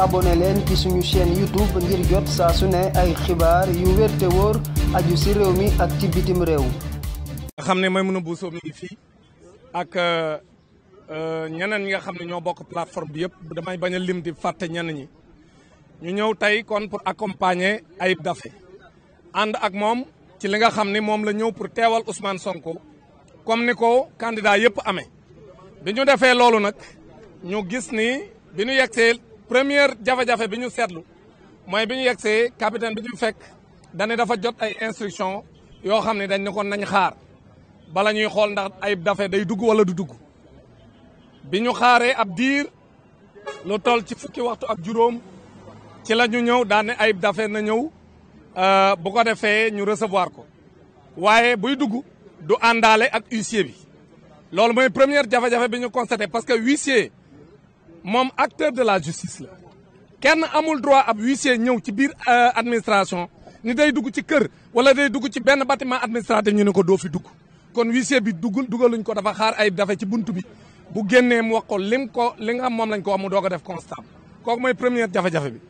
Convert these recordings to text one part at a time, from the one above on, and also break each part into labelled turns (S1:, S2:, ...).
S1: abonné leen ci suñu chaîne YouTube ngir jot saa su ne ay xibaar yu wér aju si mi ak ci bitim réew. nga xam ne Maimouna a mi ngi fii ak euh, ñeneen ñi nga xam ne ñoo bokk plateforme bi yëpp damay bañ a lim di fàtte ñenn ñi ñu ñëw tey kon pour accompagner ay Daffé ànd ak moom ci li nga xam ne moom la ñëw pour teewal Ousmane Sonko comme ni ko candidat yëpp amee bi ñu defee loolu nag ñu gis ni bi ñu yegsee première jafejafe bi ñu seetlu mooy bi ñu yegsee capitaine bi ñu fekk dane dafa jot ay instruction yoo xam ne dañ ne ko nañ xaar bala ñuy xool ndax ayib dafe day dugg wala du dugg bi ñu xaaree ab diir lu toll ci fukki waxtu ak juróom ci la ñu ñëw daane ayib dafe na ñëw euh, bu ko defee ñu recevoir ko waaye buy dugg du àndaale ak huissier bi loolu mooy première jafe bi ñu constaté parce que huissier moom acteur de la justice la kenn amul droit ab huissier ñëw ci biir euh, administration ni day dugg ci kër wala day dugg ci benn bâtiment administratif ñu ne ko doo fi dugg kon huissier bi duggul dugaluñ ko dafa xaar ay dafa ci buntu bi bu génnee mu wax ko lim ko li nga xam moom lañ ko wax mu doog def constat kooku mooy première jafe-jafe bi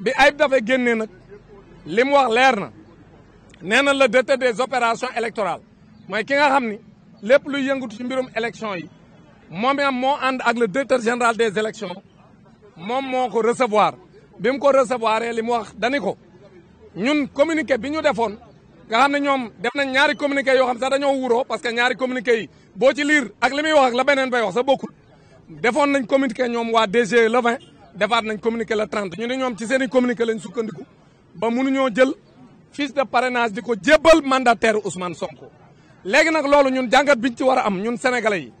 S1: bi ayib dafa génnee nag li wax leer na nee na le directeur des opérations électorales mooy ki nga xam ni lépp luy yëngatu ci mbirum élection yi moom am moo ànd ak le directeur général des élections moom moo ko recevoir bi mu ko recevoir li mu wax dani ko ñun communiqué bi ñu defoon nga xam ne ñoom def nañ ñaari communiqué yoo xam sax dañoo wuroo parce que ñaari communiqué yi boo ci liir ak li muy wax la beneen bay wax sa bokkul defoon nañ communiqué ñoom waa DG le 20 defaat nañ communiqué la 30 ñu ne ñoom ci seen i communiqué lañ sukkandiku ba ñoo jël fiche de parrainage di ko jébbal mandataire Ousmane Sonko léegi nag loolu ñun jàngat biñ ci war a am ñun sénégalais yi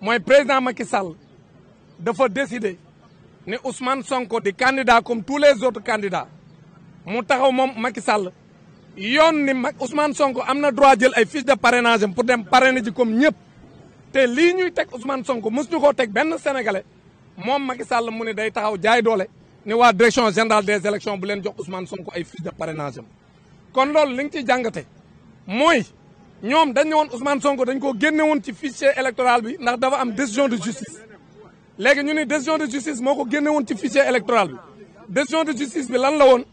S1: mooy président Macky Sall dafa décider ne Ousmane Sonko di candidat comme tous les autres candidats mu taxaw moom Macky Sall yoon ni mag Ousmane Sonko am na droit jël ay fiche de parrainage am pour dem pare na ji comme ñëpp te lii ñuy teg Ousmane Sonko mos ñu koo teg benn sénégalais moom Macky Sall mu ne day taxaw jaay doole ni waa direction générale des élections bu leen jox usmaan Sonko ay fiche de parrainage am kon loolu li nga ciy jàngate mooy. ñoom dañ ne woon Ousmane Sonko dañ koo génne woon ci fichier électoral bi ndax dafa am décision de justice léegi ñu ni décision de justice moo ko génne woon ci fichier électoral bi décision de justice bi lan la woon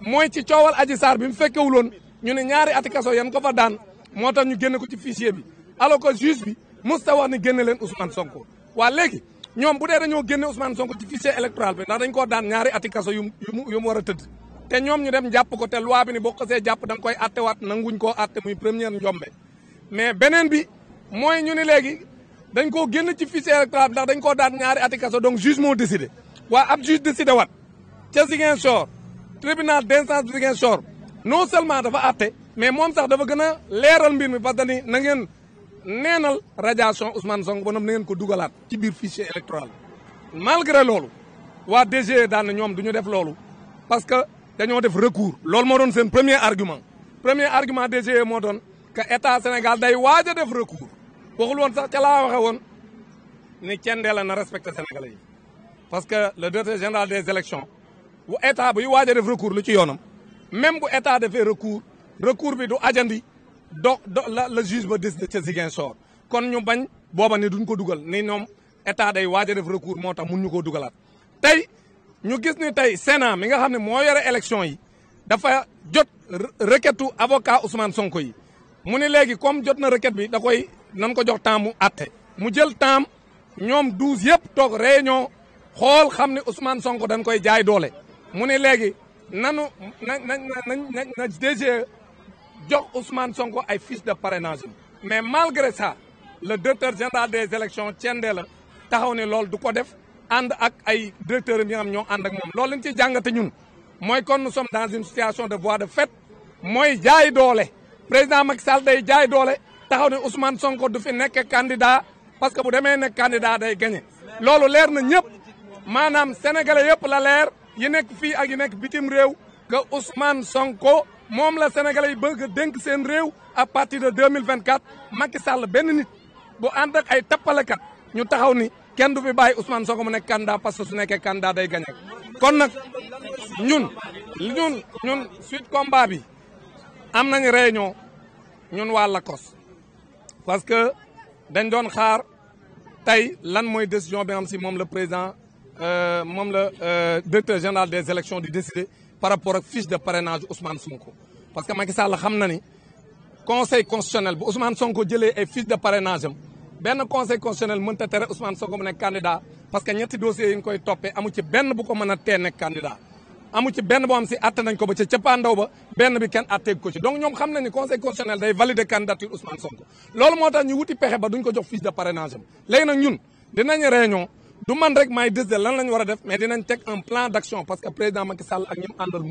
S1: mooy ci coowal Adji Sarr bi mu fekkewuloon ñu ne ñaari ati kaso yan ko fa daan moo tax ñu génne ko ci fichier bi alors que juge bi musta wax ni génne leen Ousmane Sonko waa léegi ñoom bu dee dañoo génne Ousmane Sonko ci fichier électoral bi ndax dañ koo daan ñaari ati kaso yu mu yu mu war a tëdd te ñoom ñu dem jàpp ko te loi bi ni boo xasee jàpp da nga koy attewaat nanguñ koo atte muy première njombe mais beneen bi mooy ñu ni léegi dañ koo génn ci fichier électoral ndax dañ koo daan ñaari ati kaso donc juge moo décidé waa ab juge décidé wat ca Ziguinchor tribunal d'instance Ziguinchor non seulement dafa atte mais moom sax dafa gën a leeral mbir mi ba que nangeen na ngeen neenal radiation Ousmane Sonko bonom na ngeen ko dugalaat ci biir fichier électoral malgré loolu waa DG e daan na ñoom du def loolu dañoo def recours loolu moo doon seen premier argument premier argument DGE moo doon que état Sénégal day waaja a def recours waxul woon sax ca laa waxe woon ni cendee la na respecté sénégalais yi parce que le directeur général des élections wu état buy waaj a def recours lu ci yoonam même bu état defee recours recours bi du ajandi do do la le juge ba décide ca Ziguinchor kon ñu bañ booba ni duñ ko dugal ni ñoom état day waaj a def recours moo tax mun ñu koo dugalaat tey ñu gis ni tey Sénat mi nga xam ne moo yore élection yi dafa jot requêtu avocat Ousmane Sonko yi mu ne léegi comme jot na requête bi da koy nan ko jox temps mu àtte mu jël temps ñoom douze yëpp toog réunion xool xam ne Ousmane Sonko dañ koy jaay doole mu ne léegi nanu na na na na DG jox Ousmane Sonko ay fiche de parrainage mais malgré ça le directeur général des élections Thiendella taxaw ne loolu du ko def ànd ak ay directeurs yi nga xam ñoo ànd ak moom loolu lañ ci jàngate ñun mooy kon nous sommes dans une situation de voie de fait mooy jaay doole président Macky Sall jaay doole taxaw ne Ousmane Sonko du fi nekk candidat parce que bu demee nekk candidat day gagné loolu leer na ñëpp maanaam sénégalais yëpp la leer yi nekk fii ak yi nekk bitim réew que Ousmane Sonko moom la sénégalais yi bëgg a dénk seen réew à partir de 2024 Macky Sall benn nit bu ànd ak ay tappalekat ñu taxaw ni kenn du fi bàyyi Ousmane Sonko mu nekk candidat parce que su nekkee candidat day gagné kon nag ñun ñun ñun suite combat bi am nañ réunion ñun waa Lakos parce que dañ doon xaar tey lan mooy décision bi nga xam si moom la président euh, moom la euh, directeur général des élections di décider par rapport ak fiche de parrainage Ousmane Sonko parce que Macky Sall xam na ni conseil constitutionnel bu Ousmane Sonko jëlee ay fiche de parrainage am benn conseil constitutionnel mënta tere Ousmane Sonko mu nekk candidat parce que ñetti dossiers yi ñu koy toppee amu benn bu ko mën a tee nekk candidat amu ci benn boo xam si atte nañ ko ba ca cëppaandaw ba benn bi kenn atteeg ko ci donc ñoom xam nañ conseil constitutionnel day valider candidature Ousmane Sonko loolu moo tax ñu wuti pexe ba duñ ko jox fiche de parrainage am léegi nag ñun dinañ réunion du man rek maay décider lan la ñu war a def mais dinañ teg un plan d' que président Macky Sall ak ñi mu àndal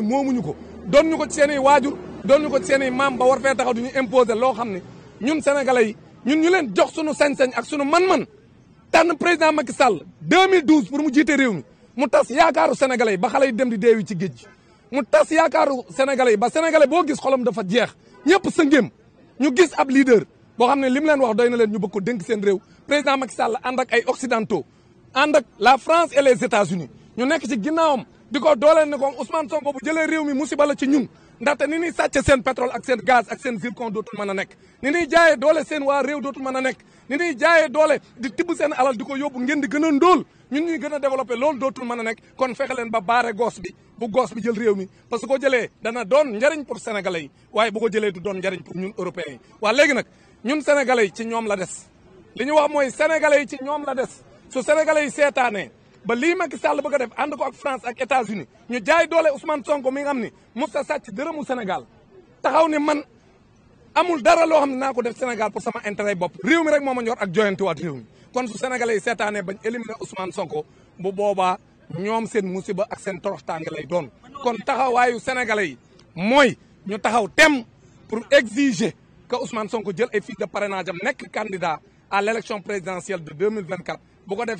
S1: moomuñu ko doon ñu ko ci seen i waajur doon ñu ko ci seen i maam ba war yi ñun ñu leen jox sunu sañ-sañ ak sunu man-man tànn président Macky Sall 2012 pour mu jiite réew mi mu tas yaakaaru sénégalais yi ba xalay yi dem di deewi ci géej mu tas yaakaaru sénégalais yi ba sénégalais boo gis xolam dafa jeex ñëpp sëngéem ñu gis ab leader boo xam ne li mu leen wax doy na leen ñu bëgg ko dénk seen réew président Macky Sall ànd ay occidentaux ànd ak la France et les États-Unis ñu nekk ci ginnaawam di ko dooleel ne ko Ousmane Sonko bu jëlee réew mi musiba la ci ñun ndate ni ñuy sàcce seen pétrole ak seen gaz ak seen zircon dootul mën a nekk ni ñuy jaayee doole seen waa réew dootul mën a nekk ni jaaye jaayee doole di tibb seen alal di ko yóbbu ngeen di gën a ndóol ñun ñuy gën a développé loolu dootul mën na nekk kon fexe leen ba baare goos bi bu goos bi jël réew mi parce que ko dana doon njariñ pour sénégalais yi waaye bu ko jëlee du doon njariñ pour ñun européens yi waa léegi nag ñun sénégalais yi ci ñoom la des li ñu wax mooy sénégalais yi ci ñoom la des su sénégalais yi seetaanee ba lii Macky Sall bëgg a def ànd ko ak France ak États-Unis ñu jaay doole Ousmane Sonko mi am xam ni musta sàcc dërëmu Sénégal taxaw ni man amul dara loo xam ne naa ko def Sénégal pour sama intérêt bopp réew mi rek moo ma ñor ak joyantiwaat réew mi kon su sénégalais yi anne bañ éliminer Ousmane Sonko bu boobaa ñoom seen musiba ak seen toroxtaange lay doon kon taxawaayu sénégalais yi mooy ñu taxaw tem pour exiger que Ousmane Sonko jël ay fiches de parrainage am nekk candidat à l' élection présidentielle de 2024 bu ko def